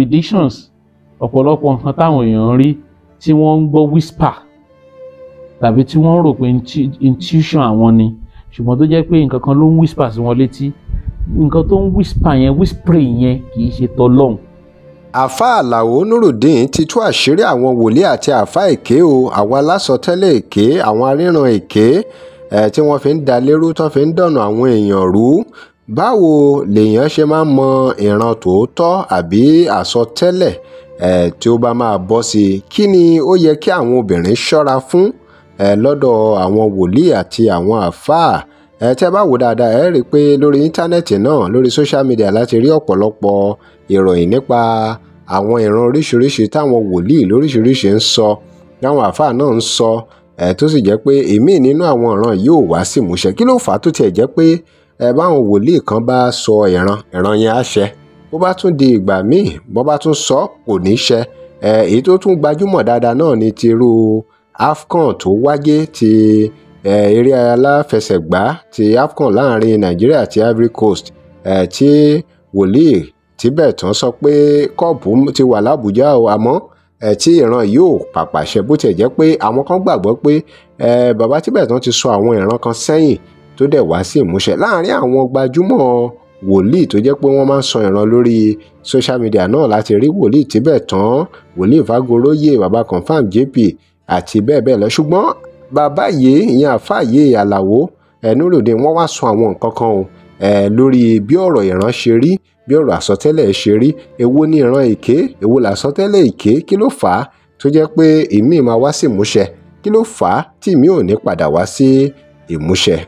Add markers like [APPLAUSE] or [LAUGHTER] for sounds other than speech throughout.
predictions ọ̀pọ̀lọpọ̀ nǹkan táwọn èèyàn ń rí tí wọ́n ń gbọ́ whisper tàbí tí wọ́n rò pé intuition àwọn ni ṣùgbọ́n tó jẹ́ pé nǹkan kan ló ń whisper sí wọn létí nǹkan tó ń whisper yẹn whispering yẹn kì í ṣe tọlọ́hun àfáà àlàó nurudeen ti tú àṣírí àwọn wòlíì àti àfáà èké o àwọn alásọtẹ́lẹ̀ èké àwọn aríran èké ẹ eh, tí wọ́n fi ń dalérú tán fi ń dọ̀nà àwọn èèyàn rú báwo lèèyàn ṣe máa mọ ìran tòótọ́ àbí àsọtẹ́lẹ̀ um tí ó bá máa bọ́ sí i kí ni ó yẹ kí àwọn obìnrin ṣọ́ra fún um lọ́dọ̀ àwọn wòlíì àti àwọn àáfàá um tí ẹ bá wò dáadáa ẹ rí i pé lórí íńtánẹ́ẹ̀tì náà lórí social media láti rí ọ̀pọ̀lọpọ̀ ìròyìn nípa àwọn ìran oríṣiríṣi táwọn wòlíì lóríṣiríṣi ń sọ táwọn àáfàá náà ń sọ um tó sì jẹ́ pé èmíì nínú àwọn ìran yìí ò wá sí ìmúṣẹ kí ló fà á tó tiẹ̀ jẹ́ pé ẹ báwọn wòlíì kan bá sọ ìran ìran yẹn á ṣẹ bó bá tún di ìgbà míì bó bá tún sọ kò ní ṣẹ ẹ èyí tó tún gbajúmọ̀ dáadáa náà ni ti irú AFCON tó wáyé ti eré aláfẹsẹ̀gbá ti AFCON láàrin Nàìjíríà àti Ivory Coast ẹ tí wòlíì Tibetan sọ pé kọ́ọ̀pù ti wà lábùjá o àmọ́ tí ìran yóò pàpàṣẹ bó tiẹ̀ jẹ́ pé àwọn kan gbàgbọ́ pé bàbá Tibetan ti sọ àwọn ìran kan sẹ́yìn tó dẹ̀ wá sí ìmúṣẹ láàrin àwọn gbajúmọ̀ wòlíì tó jẹ́ pé wọ́n máa ń sọ ìran lórí social media náà láti rí wòlíì tíbẹ̀ tán wòlíì fagoróyè bàbá confam jp àti bẹ́ẹ̀ bẹ́ẹ̀ lọ ṣùgbọ́n bàbá yìí ìyẹn àfáàyè àlàwó ẹnu eh, ròde wọ́n wá sọ àwọn nǹkan kan o eh, lórí bí ọ̀rọ̀ ìran ṣe rí bí ọ̀rọ̀ àsọtẹ́lẹ̀ ṣe rí èwo ni ìran èké èwo làsọtẹ́lẹ̀ èké kí ló fà á tó jẹ́ pé ìmíì máa wá sí ìmúṣẹ kí ló fà á tí ìmíì ò ní padà wá sí ìmúṣẹ.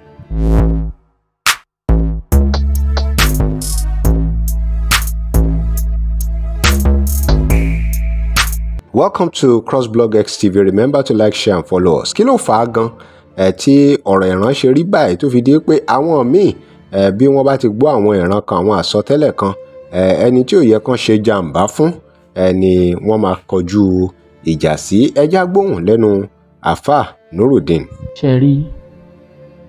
Welcome to crossblog xtv remember to like share and follow us kí ló fà á gan ẹ eh, tí ọ̀rọ̀ ìran ṣe rí báyìí tó fi di pé àwọn míì ẹ eh, bí wọ́n bá ti gbọ́ àwọn ìran kan àwọn àsọtẹ́lẹ̀ kan eh, ẹni tí ò yẹ kán ṣe jàǹbá fún ni wọ́n máa kọjú ìjà sí ẹjá gbóhùn lẹ́nu àáfàá Nurudeen. ṣe rí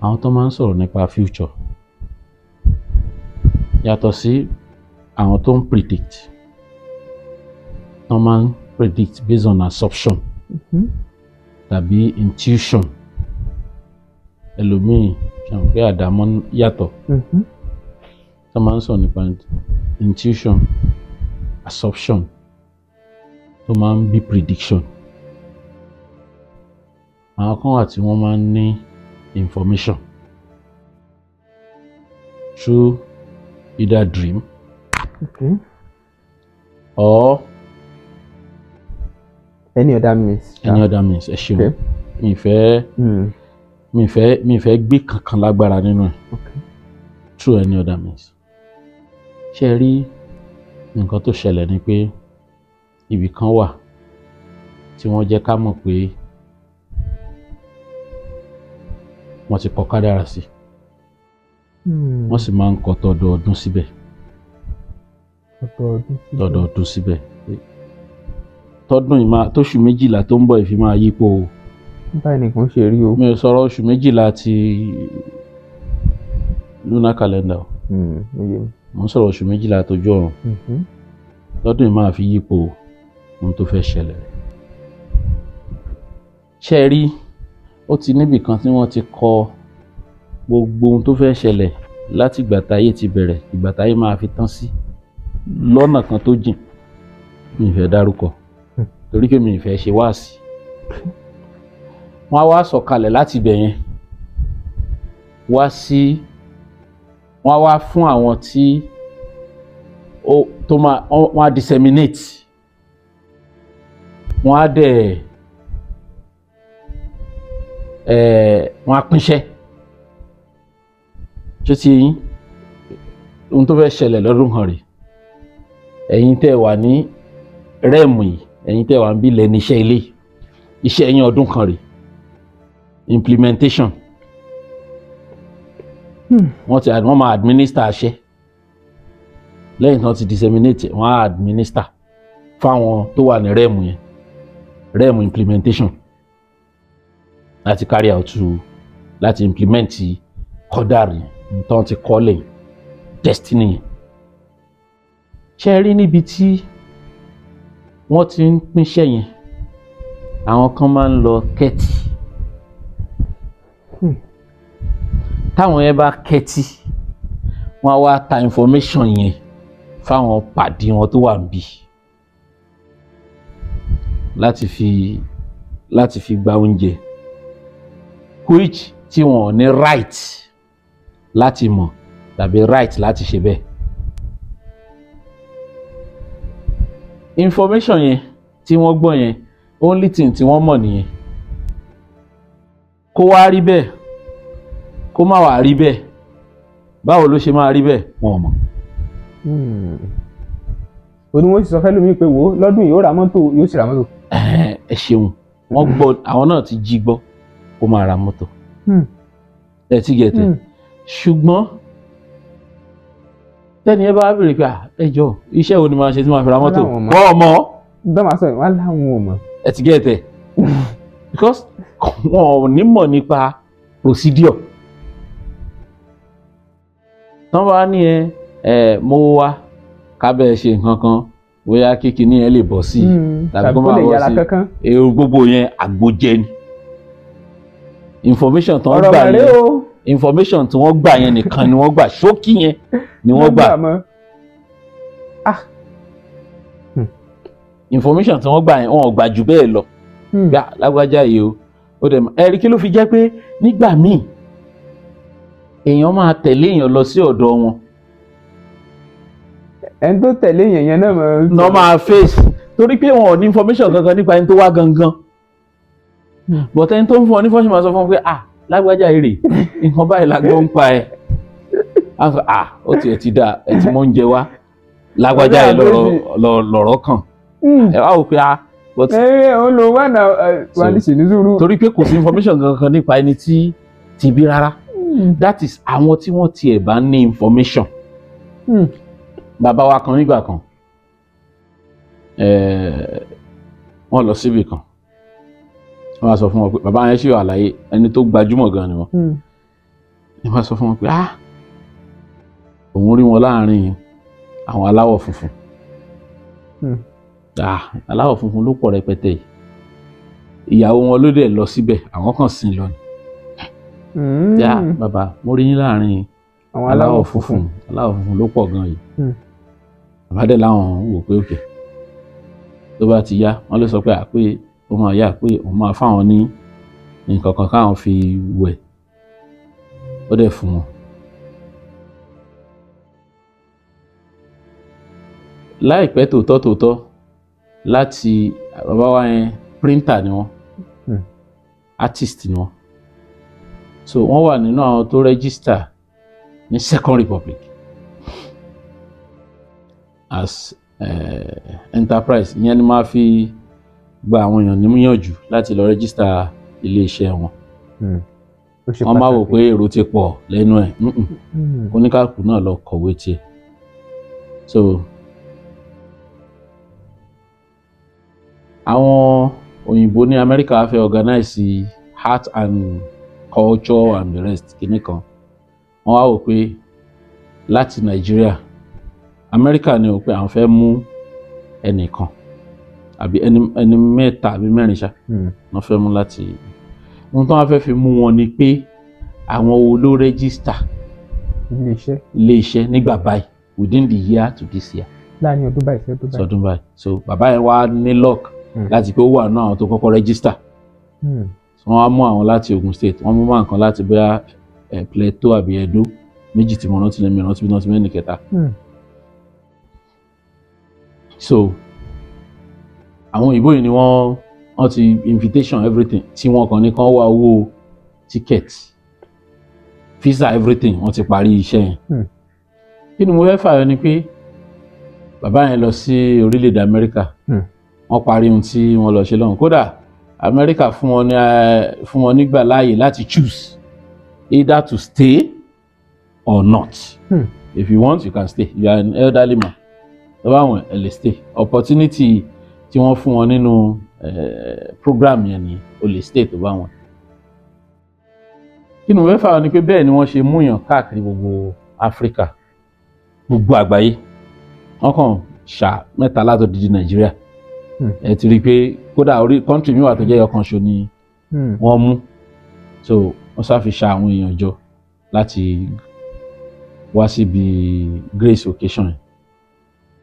àwọn tó máa ń sọ̀rọ̀ nípa future yàtọ̀ sí àwọn tó ń predict wọ́n máa ń predict based on assumption mm-hmm. tàbí mm -hmm. intuition ẹlòmíì ṣàwọn pé àdámọ́ yàtọ̀ tó mm-hmm. máa ń sọ̀rọ̀ nípa intuition assumption tó máa ń bí prediction àwọn kan wà tí wọ́n máa ń ní information through either dream okay. or any other means. any other means ẹ ṣeun mi fẹ́ hmm. mi fẹ́ mi fẹ́ gbé kankan lágbára nínú ẹ through any other means ṣe rí nǹkan tó ṣẹlẹ̀ ni pé ibì kan wà tí wọ́n jẹ́ ká mọ̀ pé. wọ́n ti kọ kádàrá sí hmm. wọ́n sì máa ń kọ tọdọọdún síbẹ̀ tọdọọdún síbẹ̀ tọdún ìmá tóṣù méjìlá tó ń bọ̀ ìfi máa yípo o. báyìí nìkan ṣe rí o. mi ò sọ̀rọ̀ oṣù méjìlá ti lunar calendar o. Hmm, mo ń sọ̀rọ̀ oṣù méjìlá tójú ọ̀run mm-hmm. tọdún ìmá fi yípo ohun tó fẹ́ ṣẹlẹ̀. ṣe rí ó ti níbì kan tí wọ́n ti kọ gbogbo ohun tó fẹ́ ṣẹlẹ̀ láti ìgbà táyé ti bẹ̀rẹ̀ ìgbà táyé máa fi tán sí lọ́nà kan tó jìn mi ìfẹ́ dárúkọ torí pé mi ìfẹ́ ṣe wáàsí wọ́n á wá sọ̀kalẹ̀ láti ibẹ̀ yẹn wá sí wọ́n á wá fún àwọn tí ó tó máa wọ́n á disseminate wọ́n á dẹ̀ wọn á pínṣẹ́ ṣé ti yín ohun tó fẹ́ ṣẹlẹ̀ lọ́dún kan rè ẹ̀yin tẹ́ wà ní rẹ́ẹ̀mù yìí ẹ̀yin tẹ́ wà ń bí lẹ́nu iṣẹ́ ilé iṣẹ́ ẹ̀yin ọdún kan rè implementation hmm. wọ́n ti wọ́n máa administer àṣẹ lẹ́yìn tí wọ́n ti disseminate wọ́n á administer fáwọn tó wà ní rẹ́ẹ̀mù yẹn rẹ́ẹ̀mù implementation láti carry out to láti implement kọ́dàrí nǹkan ti kọ́lẹ̀ destiny. ṣe rí níbi tí wọ́n ti ń pínṣẹ́ yẹn àwọn kan máa ń lọ kẹ́tì hmm. táwọn yẹn bá kẹ́tì wọ́n á wá ta information yẹn fáwọn pàdé wọn tó wà níbí láti fi láti fi gba oúnjẹ which tí wọn ò ní right láti mọ̀ tàbí right láti ṣe bẹ́ẹ̀. information yẹn tí wọ́n gbọ́ yẹn only thing tí wọ́n mọ̀ nìyẹn kó wá rí bẹ́ẹ̀ kó má wá rí bẹ́ẹ̀ báwo ló ṣe máa rí bẹ́ẹ̀ wọn ò mọ̀. oníwọ̀n hmm. sì sọ fẹ́ lómi pé wo lọ́dún yìí ó ra mọ́tò yóò sì ra mọ́tò. ẹ ṣeun wọ́n gbọ́ àwọn náà ti jí gbọ́ kó máa ra mọ́tò hmm. ẹ ti gẹ̀tẹ̀ hmm. ṣùgbọ́n tẹ́ni ẹ bá béèrè pé ẹ jọ iṣẹ́ wo ni màá ṣe tí màá fi ra mọ́tò wọ́n ọmọ. dọ́mà sọ ìwà láwọn ọmọ. ẹ ti gẹ̀tẹ̀ [LAUGHS] because wọn ò ní mọ̀ nípa procedure tán bá ní ẹ ẹ mo wá kábẹ́ ṣe nǹkan kan bóyá kíkiní ẹ lè bọ̀ sí i hmm. tàbí kó máa bọ̀ sí i èrò gbogbo yẹn àgbójẹ ni information tí wọ́n gbà yẹn information tí wọ́n gbà yẹn nìkan ni wọ́n gbà ṣókí yẹn ni wọ́n gbà ah. hmm. information tí wọ́n gbà yẹn wọn ò gbà jù bẹ́ẹ̀ lọ hmm. gbà lágbájá yìí o ó dẹ̀ ẹ̀rí kí ló fi jẹ́ pé nígbà míì èèyàn máa tẹ̀lé èèyàn lọ sí ọ̀dọ̀ wọn. ẹni tó tẹ̀lé èèyàn yẹn náà máa. náà máa face torí pé wọn ò ní information gangan nípa ẹni tó wá gangan but ẹni tó ń fún ọ ní fọ́ọ̀ṣì máa sọ fún ọ pé ah lágbájá èrè nǹkan báyìí la gbọ́ ń pa ẹ ah ó ti ẹ̀ ti dà ẹ̀ ti mọ́ ń jẹ wá lágbájá ẹ lọ̀rọ̀ kàn hmm. ẹ wá wò pé ah but ẹ ó lo wà náà wà ní ṣèlúzúrú. torí pé kò sí information kankan nípa ẹni tí ti bí rárá hmm. that is àwọn tí wọ́n tiẹ̀ bá ní information hmm. bàbá wa kan nígbà kan wọ́n lọ síbì kan wọ́n á sọ fún wọn pé bàbá yẹn ṣì wà láyé ẹni tó gbajúmọ̀ gan ni wọ́n ni hmm. wọ́n sọ fún wọn pé ah òun rí wọn láàrin àwọn aláwọ̀ funfun hmm. ah aláwọ̀ funfun ló pọ̀ rẹpẹtẹ yìí ìyàwó wọn ló dẹ̀ lọ síbẹ̀ àwọn kan sìn lọ ni hmm. yá bàbá mo rí yín láàrin àwọn aláwọ̀ funfun aláwọ̀ funfun ló pọ̀ gan yìí bàbá dẹ̀ láwọn wò pé òkè tó bá ti yá wọ́n lè sọ pé àpé ó máa yà pé òun máa fáwọn ní nǹkan kan káwọn fi wẹ̀ ó dẹ̀ fún wọn. láìpẹ́ tòótọ́ tòótọ́ láti bàbá wa yẹn píríntà ni wọ́n hmm. artist ni wọ́n so wọ́n wà nínú àwọn tó rẹ́gísítà ní Second Republic as uh, enterprise ìyẹn ni máa fi gba àwọn èèyàn níyànjú láti lọ rẹ́gísítà iléeṣẹ́ wọn hmm. wọ́n máa wò pé èrò ti pọ̀ lẹ́nu ẹ̀ hmm. oníkàkù náà lọ kọ̀wé tiẹ̀ so àwọn òyìnbó ní Amẹ́ríkà fẹ́ organize heart and culture and the rest kìíní kan wọ́n wá wò pé láti Nàìjíríà Amẹ́ríkà ni wò pé àwọn fẹ́ mú ẹnìkan. E àbí ẹni mẹ́ta àbí mẹ́rin ṣá hmm. wọ́n fẹ́ mú láti ohun tí wọ́n fẹ́ fi mú wọn ni pé àwọn wo ló rẹ́gísítà ilé iṣẹ́ nígbà báyìí within the year to this year. láàrin ọdún báyìí sọdún báyìí sọdún báyìí so bàbá yẹn wá ní lock hmm. láti pé ó wà náà àwọn tó kọ́kọ́ rẹ́gísítà hmm. wọ́n wá mú àwọn láti Ogun State wọ́n mú mọ́ nǹkan láti bóyá eh, Plateau àbí Edo méjì tí mo rántí lẹ́mìí rántí bí náà ti mẹ́rin kẹta. so àwọn òyìnbó yìí ni wọ́n wọ́n ti invitation everything tí wọ́n kàn ní kán wá owó ticket visa everything wọ́n ti parí iṣẹ́ yẹn hmm. kí ni mo fẹ́ fààyàn ni pé bàbá yẹn lọ sí orílẹ̀-èdè Amẹ́ríkà hmm. wọ́n parí ohun tí wọ́n lọ ṣe lọ́hùn kódà Amẹ́ríkà fún wọn ní eh, fún wọn nígbà láàyè láti choose either to stay or not hmm. if you want you can stay you are an elderly man ẹ bá wọn ẹ lè stay opportunity tí wọ́n fún wọn nínú program yẹn ní Olè State tó bá wọn. kí ni mo fẹ́ fà ni pé bẹ́ẹ̀ ni wọ́n ṣe múyàn káàkiri gbogbo Áfíríkà gbogbo àgbáyé wọ́n kàn ṣà mẹ́ta látọ̀ dídí Nàìjíríà hmm. ẹ ti rí i pé kódà orí kọ́ńtì mi wà tó jẹ́ ọkàn ṣo ni hmm. wọ́n mú so wọ́n sá fi ṣà àwọn èèyàn jọ láti wá síbi grace occasion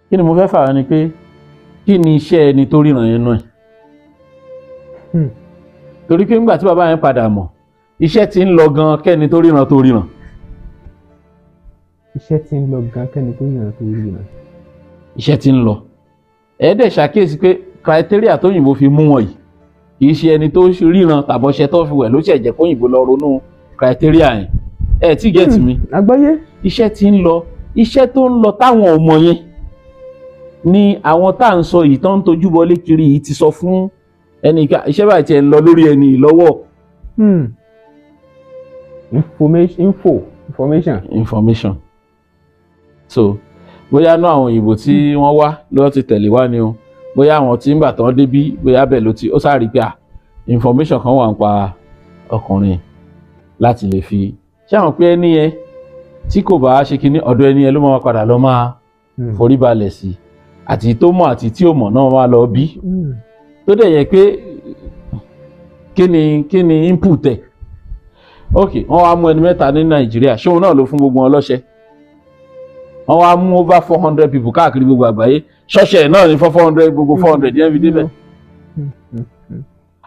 yẹn kí ni ni pé kí ni iṣẹ́ ẹni tó ríran yẹn náà hmm. torí pé nígbà tí bàbá yẹn padà mọ̀ iṣẹ́ ti ń lọ gan kẹ́ni tó ríran tó ríran. iṣẹ́ ti ń lọ gan kẹ́ni tó ríran tó ríran. iṣẹ́ ti ń lọ ẹ̀ẹ́dẹ̀ ṣàkíyèsí pé criteria tóyìnbó fi mú wọn yìí kì í ṣe ẹni tó ríran tàbọ̀ṣẹ tó fi wẹ̀ ló ṣẹ̀ jẹ́ kóyìnbó lọ ronú criteria yẹn ẹ̀ ti gẹ̀ẹ́tì hmm. mi. àgbáyé. iṣẹ́ ti ń lọ iṣẹ́ tó ń lọ táwọn ọmọ yẹn ni àwọn tá à ń sọ yìí tó ń tojú bọlé kiri yìí ti sọ fún ẹnì ká iṣẹ́ bá tiẹ̀ ń lọ lórí ẹni lọ́wọ́. Hmm. info information. information. so bóyá náà àwọn òyìnbó tí hmm. wọ́n wá ló ti tẹ̀lé wá ni o bóyá àwọn tí ń bà tán débí bóyá bẹ́ẹ̀ ló ti ó sáré pé information kan wà ń pa ọkùnrin láti lè fi ṣé àwọn pé ẹni yẹn tí kò bá ṣe kinní ọ̀dọ̀ ẹni yẹn ló máa padà lọ máa hmm. forí balẹ̀ sí i àti tó mọ̀ àti tí ò mọ̀ náà wá lọ bí hmm. tó dẹ̀ yẹ pé kí ni kí ni input ẹ̀ ok wọ́n wá mú ẹni mẹ́ta ní nàìjíríà ṣóun náà ló fún gbogbo wọn lọ́ṣẹ́ wọ́n wá mú over four hundred people káàkiri gbogbo àgbáyé ṣọ́ṣẹ́ náà ní four hundred gbogbo four hundred yẹn fi débẹ̀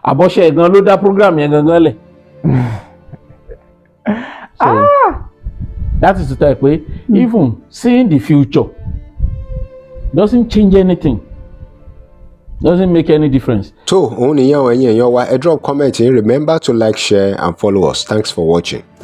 àbọ̀ṣẹ́ gan ló dá program yẹn gangan lẹ̀ [LAUGHS] ah! so that is to tell you pé hmm. even seeing the future doesn't change anything doesn't make any difference. So, òun nìyẹn àwọn ẹ̀yin drop comment in remember to like share and follow us thanks for watching.